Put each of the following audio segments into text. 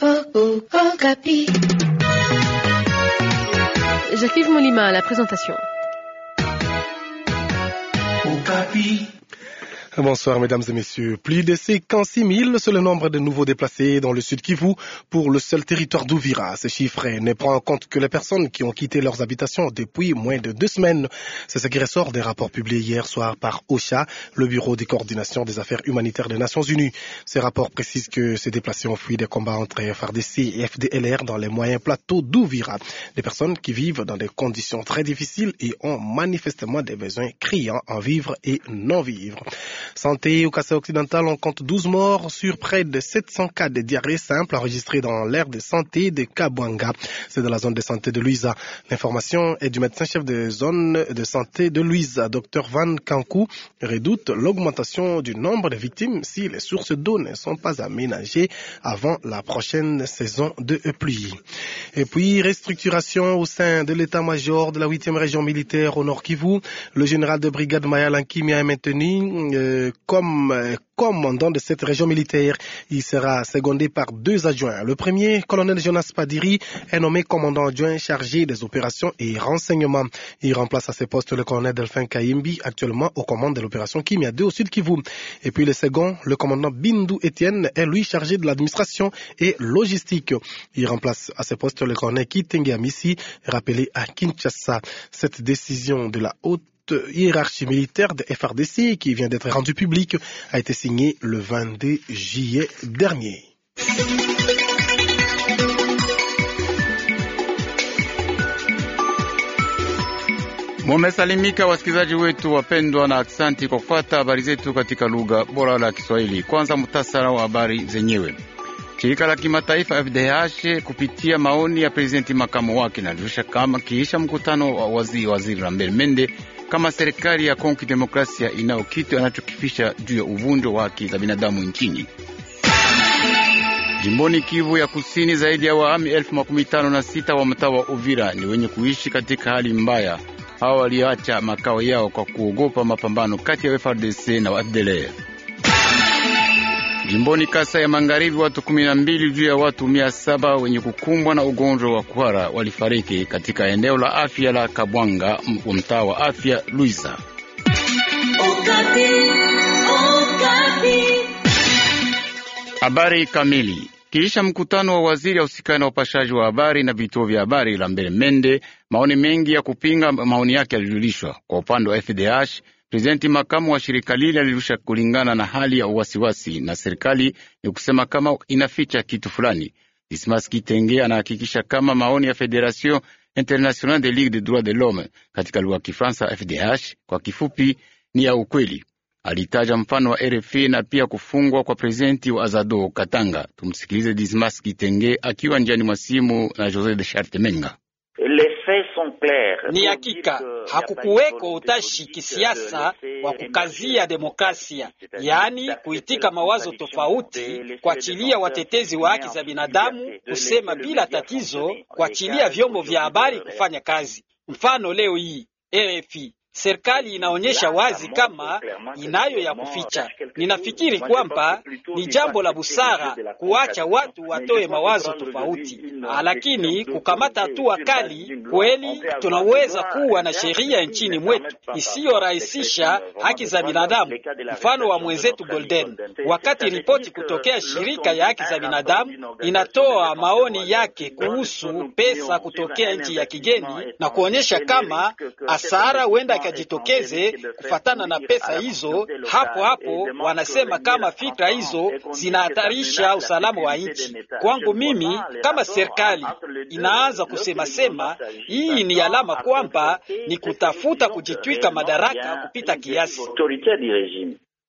Oh, oh, oh, Molima à la présentation. Oh, Bonsoir mesdames et messieurs. Plus de 56 000, c'est le nombre de nouveaux déplacés dans le sud Kivu pour le seul territoire d'Ouvira. Ce chiffre ne prend en compte que les personnes qui ont quitté leurs habitations depuis moins de deux semaines. C'est ce qui ressort des rapports publiés hier soir par OSHA, le Bureau des coordinations des affaires humanitaires des Nations Unies. Ces rapports précisent que ces déplacés ont fui des combats entre FRDC et FDLR dans les moyens plateaux d'Ouvira. Des personnes qui vivent dans des conditions très difficiles et ont manifestement des besoins criants en vivre et non vivre. Santé au Kassai occidental, on compte 12 morts sur près de 700 cas de diarrhée simple enregistrés dans l'aire de santé de Kabwanga. C'est dans la zone de santé de Louisa. L'information est du médecin-chef de zone de santé de Louisa, Dr Van Kankou, redoute l'augmentation du nombre de victimes si les sources d'eau ne sont pas aménagées avant la prochaine saison de pluie. Et puis, restructuration au sein de l'état-major de la 8e région militaire au Nord Kivu. Le général de brigade Maya Lankimia est maintenu euh, comme euh, commandant de cette région militaire. Il sera secondé par deux adjoints. Le premier, colonel Jonas Padiri, est nommé commandant adjoint chargé des opérations et renseignements. Il remplace à ce poste le colonel Delphin Kayimbi, actuellement au commandes de l'opération Kimia 2 au sud Kivu. Et puis le second, le commandant Bindou Etienne, est lui chargé de l'administration et logistique. Il remplace à ce poste le colonel Kitenge Amissi, rappelé à Kinshasa. Cette décision de la haute haute hiérarchie militaire de FRDC qui vient d'être rendu public a été signé le 22 juillet dernier. Mumesalimika wasikilizaji wetu wapendwa, na aksanti kwa kufuata habari zetu katika lugha bora la Kiswahili. Kwanza mtasara wa habari zenyewe. Shirika la kimataifa FDH kupitia maoni ya prezidenti makamu wake na lilisha kama kiisha mkutano wa waziri waziri Lambert Mende kama serikali ya Kongo Kidemokrasia inayo kitu anachokifisha juu ya uvunjo wa haki za binadamu nchini. Jimboni Kivu ya Kusini, zaidi ya wahami elfu makumi tano na sita wa mtaa wa Uvira ni wenye kuishi katika hali mbaya. Hawa waliacha makao yao kwa kuogopa mapambano kati ya FARDC na wadelere Jimboni Kasa ya Magharibi, watu kumi na mbili juu ya watu mia saba wenye kukumbwa na ugonjwa wa kuhara walifariki katika eneo la afya la Kabwanga wa mtaa wa afya Luisa. Habari kamili kisha mkutano wa waziri ausikani na upashaji wa habari na vituo vya habari la Mbele Mende, maoni mengi ya kupinga maoni yake yalijulishwa kwa upande wa FDH Prezidenti makamu wa shirika lile alirusha kulingana na hali ya uwasiwasi na serikali ni kusema kama inaficha kitu fulani. Dismas Kitenge anahakikisha kama maoni ya Federation Internationale de Ligue de Droits de l'Homme katika lugha ya Kifaransa, FDH kwa kifupi, ni ya ukweli. Alitaja mfano wa RFI na pia kufungwa kwa prezidenti wa Azado Katanga. Tumsikilize Dismas Kitenge akiwa njiani mwa simu na Jose de Chartemenga. Ni hakika hakukuweko utashi kisiasa wa kukazia demokrasia, yaani kuitika mawazo tofauti, kuachilia watetezi wa haki za binadamu kusema bila tatizo, kuachilia vyombo vya habari kufanya kazi. Mfano leo hii RFI Serikali inaonyesha wazi kama inayo ya kuficha. Ninafikiri kwamba ni jambo la busara kuacha watu watoe mawazo tofauti, lakini kukamata hatua kali kweli. Tunaweza kuwa na sheria nchini mwetu isiyorahisisha haki za binadamu, mfano wa mwenzetu Golden. Wakati ripoti kutokea shirika ya haki za binadamu inatoa maoni yake kuhusu pesa kutokea nchi ya kigeni na kuonyesha kama asara wenda ikajitokeze kufatana na pesa hizo. Hapo hapo eh, wanasema kama fikra hizo zinahatarisha usalama wa nchi. Kwangu mimi, kama serikali inaanza kusemasema, hii ni alama kwamba ni kutafuta kujitwika madaraka kupita kiasi.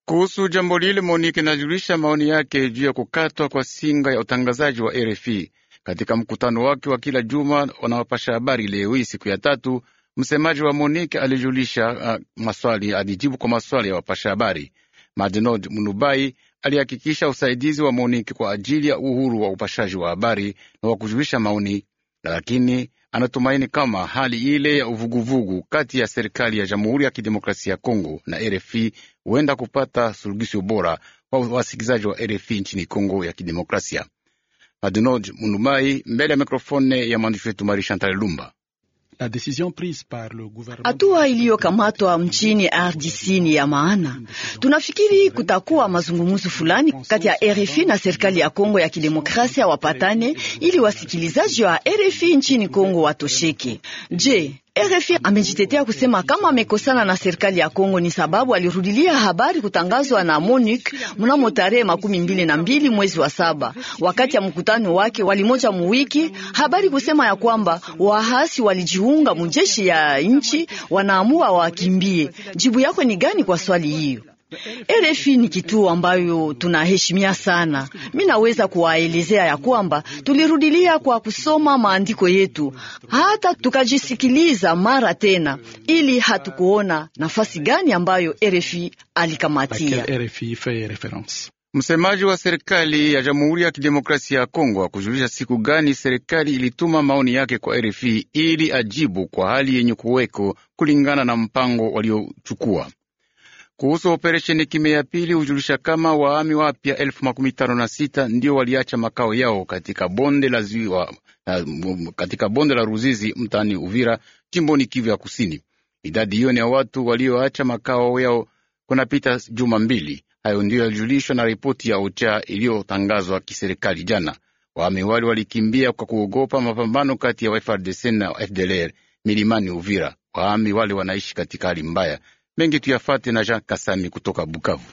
Kuhusu jambo lile, Monique inajulisha maoni yake juu ya kukatwa kwa singa ya utangazaji wa RFI katika mkutano wake wa kila juma wanawapasha habari leo hii siku ya tatu Msemaji wa Monique alijulisha uh, maswali alijibu kwa maswali ya wapasha habari. Madinod Munubai alihakikisha usaidizi wa Monique kwa ajili ya uhuru wa upashaji wa habari na wa kujulisha maoni, lakini anatumaini kama hali ile ya uvuguvugu kati ya serikali ya Jamhuri ya Kidemokrasia ya Kongo na RFI huenda kupata suluhisho bora kwa wasikilizaji wa RFI nchini Kongo ya Kidemokrasia. Madinod Munubai mbele ya mikrofone ya mwandishi wetu Mari Chantal Lumba. Hatua iliyokamatwa mchini RDC ni ya maana. Tunafikiri kutakuwa mazungumzo fulani kati ya RFI na serikali ya Kongo ya Kidemokrasia, wapatane ili wasikilizaji wa RFI nchini Kongo watosheke. Je, RFI amejitetea kusema kama amekosana na serikali ya Kongo ni sababu alirudilia habari kutangazwa na MONUC mnamo tarehe makumi mbili na mbili mwezi wa saba wakati ya mkutano wake walimoja muwiki, habari kusema ya kwamba wahasi walijiunga mujeshi ya nchi wanaamua wakimbie. Jibu yako ni gani kwa swali hiyo? RFI ni kituo ambayo tunaheshimia sana. Mi naweza kuwaelezea ya kwamba tulirudilia kwa kusoma maandiko yetu hata tukajisikiliza mara tena, ili hatukuona nafasi gani ambayo RFI alikamatia. Msemaji wa serikali ya Jamhuri ya Kidemokrasia ya Kongo akujulisha siku gani serikali ilituma maoni yake kwa RFI ili ajibu kwa hali yenye kuweko kulingana na mpango waliochukua. Kuhusu operesheni kime ya pili hujulisha kama waami wapya elfu makumi tano na sita ndio waliacha makao yao katika bonde la ziwa, katika bonde la Ruzizi mtaani Uvira jimboni Kivu ya Kusini. Idadi hiyo ni ya watu walioacha makao yao kunapita juma mbili. Hayo ndiyo yalijulishwa na ripoti ya OCHA iliyotangazwa kiserikali jana. Waami wale walikimbia kwa kuogopa mapambano kati ya frdc na FDLR milimani Uvira. Waami wale wanaishi katika hali mbaya Mengi tuyafate na Jean Kasami kutoka Bukavu.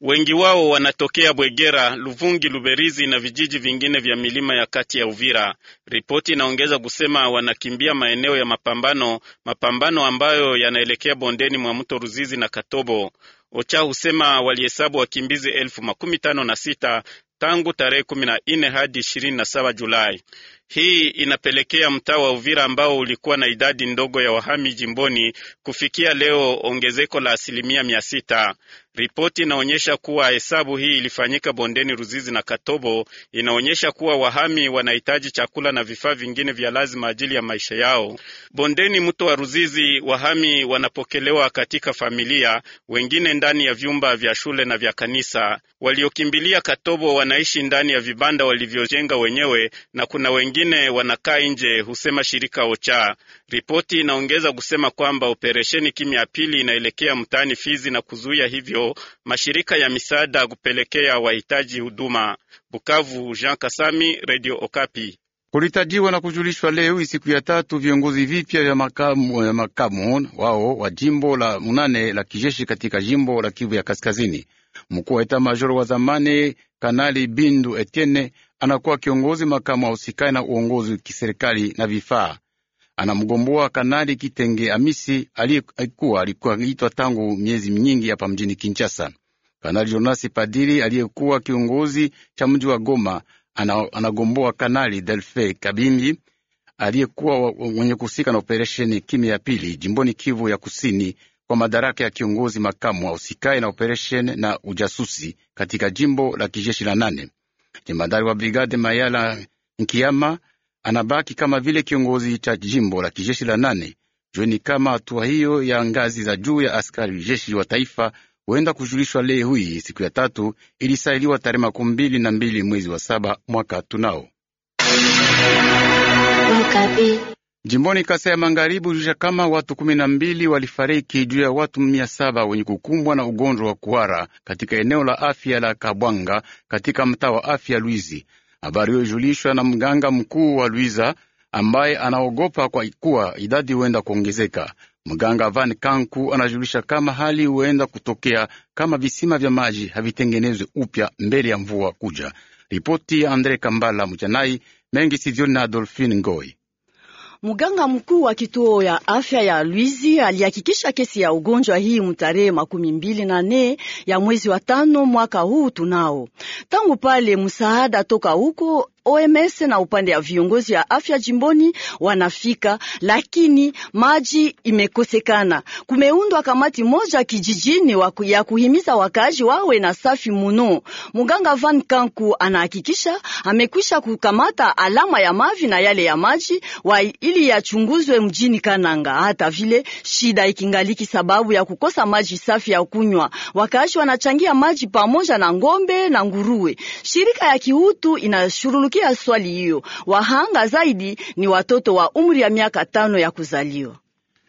Wengi wao wanatokea Bwegera, Luvungi, Luberizi na vijiji vingine vya milima ya kati ya Uvira. Ripoti inaongeza kusema wanakimbia maeneo ya mapambano, mapambano ambayo yanaelekea bondeni mwa mto Ruzizi na Katobo. Ocha husema walihesabu wakimbizi elfu makumi tano na sita tangu tarehe 14 hadi 27 Julai. Hii inapelekea mtaa wa Uvira ambao ulikuwa na idadi ndogo ya wahami jimboni kufikia leo ongezeko la asilimia mia sita. Ripoti inaonyesha kuwa hesabu hii ilifanyika bondeni Ruzizi na Katobo. Inaonyesha kuwa wahami wanahitaji chakula na vifaa vingine vya lazima ajili ya maisha yao. Bondeni mto wa Ruzizi, wahami wanapokelewa katika familia, wengine ndani ya vyumba vya shule na vya kanisa. Waliokimbilia Katobo wanaishi ndani ya vibanda walivyojenga wenyewe, na kuna wengine wanakaa nje, husema shirika OCHA. Ripoti inaongeza kusema kwamba operesheni kimya pili inaelekea mtaani Fizi na kuzuia hivyo mashirika ya misaada kupelekea wahitaji huduma. Bukavu, Jean Kasami, Radio Okapi. Kulitajiwa na kujulishwa leo siku ya tatu viongozi vipya vya makamu, makamu wao wa jimbo la munane la kijeshi katika jimbo la Kivu ya Kaskazini. Mkuu wa eta major wa zamani Kanali Bindu Etienne anakuwa kiongozi makamu wa usikai na uongozi kiserikali na vifaa anamgomboa Kanali Kitenge Amisi aliyekuwa alikuwa akiitwa tangu miezi nyingi hapa mjini Kinshasa. Kanali Jonasi Padiri aliyekuwa kiongozi cha mji wa Goma anagomboa Kanali Delfe Kabimbi aliyekuwa mwenye kuhusika na operesheni kimya ya pili jimboni Kivu ya kusini kwa madaraka ya kiongozi makamu ausikaye na operesheni na ujasusi katika jimbo la kijeshi la nane. Jemadari wa brigade Mayala Nkiama anabaki kama vile kiongozi cha jimbo la kijeshi la nane. Jueni kama hatua hiyo ya ngazi za juu ya askari jeshi wa taifa huenda kujulishwa leo hii siku ya tatu ilisailiwa tarehe makumi mbili na mbili mwezi wa saba mwaka tunao. Jimboni Kasa ya Magharibi hujulisha kama watu kumi na mbili walifariki juu ya watu mia saba wenye kukumbwa na ugonjwa wa kuhara katika eneo la afya la Kabwanga katika mtaa wa afya Lwizi. Habari hiyo ilijulishwa na mganga mkuu wa Luiza ambaye anaogopa kwa kuwa idadi huenda kuongezeka. Mganga Van Kanku anajulisha kama hali huenda kutokea kama visima vya maji havitengenezwe upya mbele ya mvua kuja. Ripoti ya Andre Kambala Mujanai mengi Sidioni na Adolfine Ngoi. Mganga mkuu wa kituo ya afya ya Lwizi alihakikisha kesi ya ugonjwa hii mtarehe makumi mbili na nne ya mwezi wa tano mwaka huu tunao. Tangu pale msaada toka huko OMS na upande ya viongozi ya afya jimboni wanafika, lakini maji imekosekana. Kumeundwa kamati moja kijijini waku, ya kuhimiza wakaaji wawe na safi muno. Muganga Van Kanku anahakikisha amekwisha kukamata alama ya mavi na yale ya maji wa ili yachunguzwe mjini Kananga. Hata vile shida ikingaliki sababu ya kukosa maji safi ya kunywa, wakaaji wanachangia maji pamoja na ngombe na nguruwe. Shirika ya kiutu inashurulukia kufikia swali hiyo, wahanga zaidi ni watoto wa umri ya miaka tano ya kuzaliwa.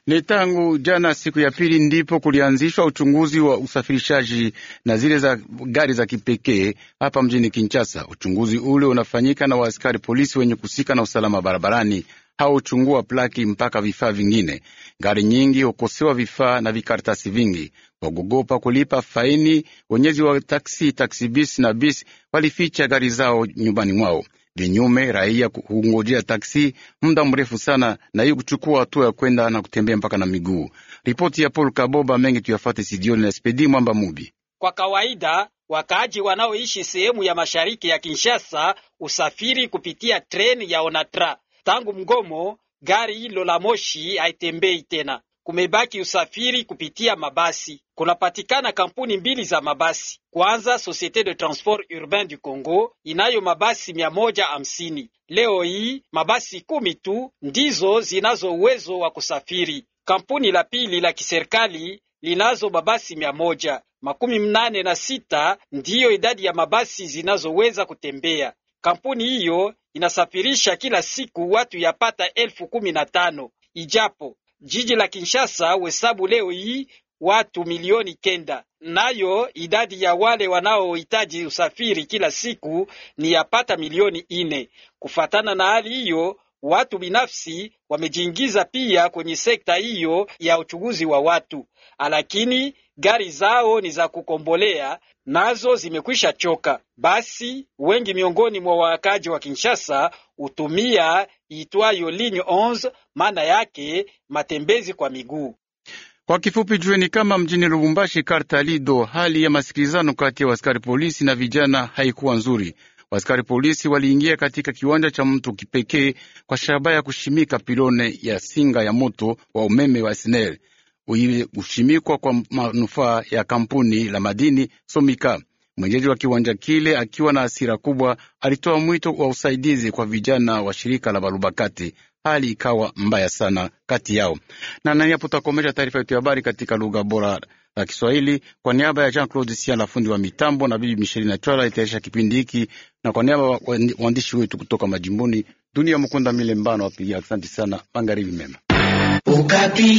Ni tangu jana siku ya pili ndipo kulianzishwa uchunguzi wa usafirishaji na zile za gari za kipekee hapa mjini Kinshasa. Uchunguzi ule unafanyika na waaskari polisi wenye kusika na usalama barabarani hauchungua plaki mpaka vifaa vingine. Gari nyingi hukosewa vifaa na vikaratasi vingi wagogopa kulipa faini. Wenyezi wa taksi taksi bis na bis walificha gari zao nyumbani mwao. Vinyume raia hungojea taksi muda mrefu sana, na hiyo kuchukua hatua ya kwenda na kutembea mpaka na miguu. Ripoti ya Paul Kaboba mengi tuyafate sidioni na spedi mwamba mubi. Kwa kawaida wakaaji wanaoishi sehemu ya mashariki ya Kinshasa usafiri kupitia treni ya Onatra Tangu mgomo, gari hilo la moshi haitembei tena, kumebaki usafiri kupitia mabasi. Kunapatikana kampuni mbili za mabasi. Kwanza, Societe de Transport Urbain du Congo inayo mabasi mia moja hamsini. Leo hii mabasi kumi tu ndizo zinazo uwezo wa kusafiri. Kampuni la pili la kiserikali linazo mabasi mia moja makumi mnane na sita ndiyo idadi ya mabasi zinazoweza kutembea. Kampuni hiyo inasafirisha kila siku watu yapata elfu kumi na tano ijapo jiji la Kinshasa uhesabu leo hii watu milioni kenda, nayo idadi ya wale wanaohitaji usafiri kila siku ni yapata milioni ine. Kufatana na hali hiyo, watu binafsi wamejiingiza pia kwenye sekta hiyo ya uchuguzi wa watu, lakini gari zao ni za kukombolea nazo zimekwisha choka. Basi wengi miongoni mwa wakaji wa Kinshasa hutumia iitwayo line 11 maana yake matembezi kwa miguu. Kwa kifupi, jueni kama mjini Lubumbashi, karta Lido, hali ya masikilizano kati ya waskari polisi na vijana haikuwa nzuri. Waskari polisi waliingia katika kiwanja cha mtu kipekee kwa shabaha ya kushimika pilone ya singa ya moto wa umeme wa SNEL ushimikwa kwa manufaa ya kampuni la madini Somika. Mwenyeji wa kiwanja kile akiwa na hasira kubwa, alitoa mwito wa usaidizi kwa vijana wa shirika la Balubakati. Hali ikawa mbaya sana kati yao na nani. Hapo tutakomesha taarifa yetu ya habari katika lugha bora la Kiswahili. Kwa niaba ya Jean Claude Siala, fundi wa mitambo, na bibi Misheli na Chwala itaisha kipindi hiki, na kwa niaba ya waandishi wetu kutoka majimboni, Dunia Mukunda Milembano wapiga asante sana. Magharibi mema. Okapi.